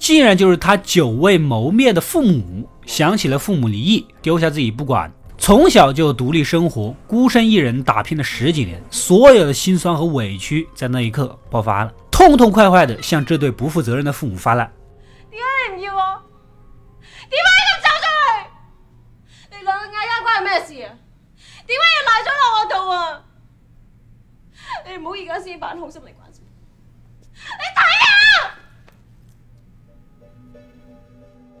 竟然就是他久未謀面的父母，想起了父母離異，丟下自己不管，從小就獨立生活，孤身一人打拼了十幾年，所有的辛酸和委屈在那一刻爆發了，痛痛快快地向這對不負責任的父母發難。點解你唔要我？點解咁走出去？你兩個嗌交關我咩事啊？點解要賴咗落我度啊？你唔好而家先扮好心嚟關事，你睇下。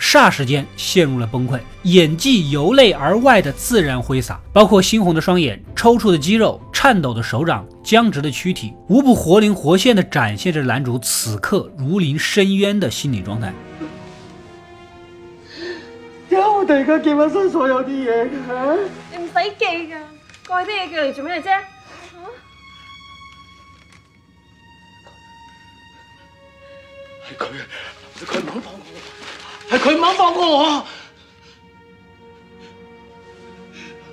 霎時間陷入了崩潰，演技由內而外的自然揮灑，包括猩紅的雙眼、抽搐的肌肉、顫抖的手掌、僵直的軀體，無不活靈活現地展現着男主此刻如臨深淵的心理狀態。我哋而家記翻晒所有啲嘢嘅，你唔使記嘅，蓋啲嘢過嚟做咩啫？係佢，佢唔肯放過我。係佢冇放過我，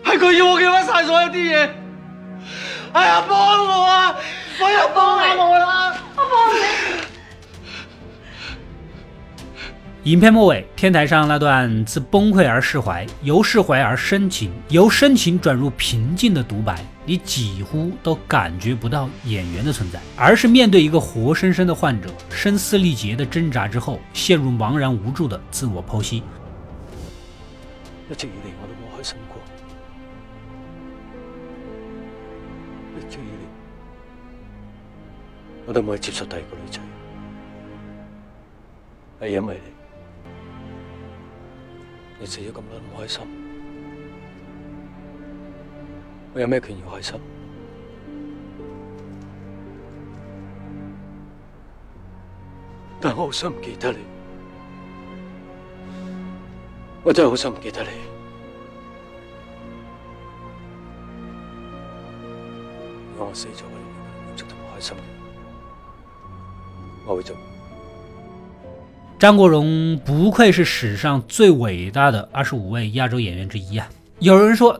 係佢要我記翻晒所有啲嘢，哎呀，幫我啊，我要幫我啦，啊，我幫你。影片末尾，天台上那段自崩潰而釋懷，由釋懷而深情，由深情轉入平靜的獨白。你幾乎都感覺不到演員的存在，而是面對一個活生生的患者，聲嘶力竭的掙扎之後，陷入茫然無助的自我剖析。一直以來我都冇開心過，一直以來我都冇接觸第二個女仔，係因為你死咗咁耐唔開心。我有咩權要開心？但我好想唔記得你，我真係好想唔記得你。如果我死咗，我真係唔開心。我會做。張國榮不愧是史上最偉大的二十五位亞洲演員之一啊！有人說。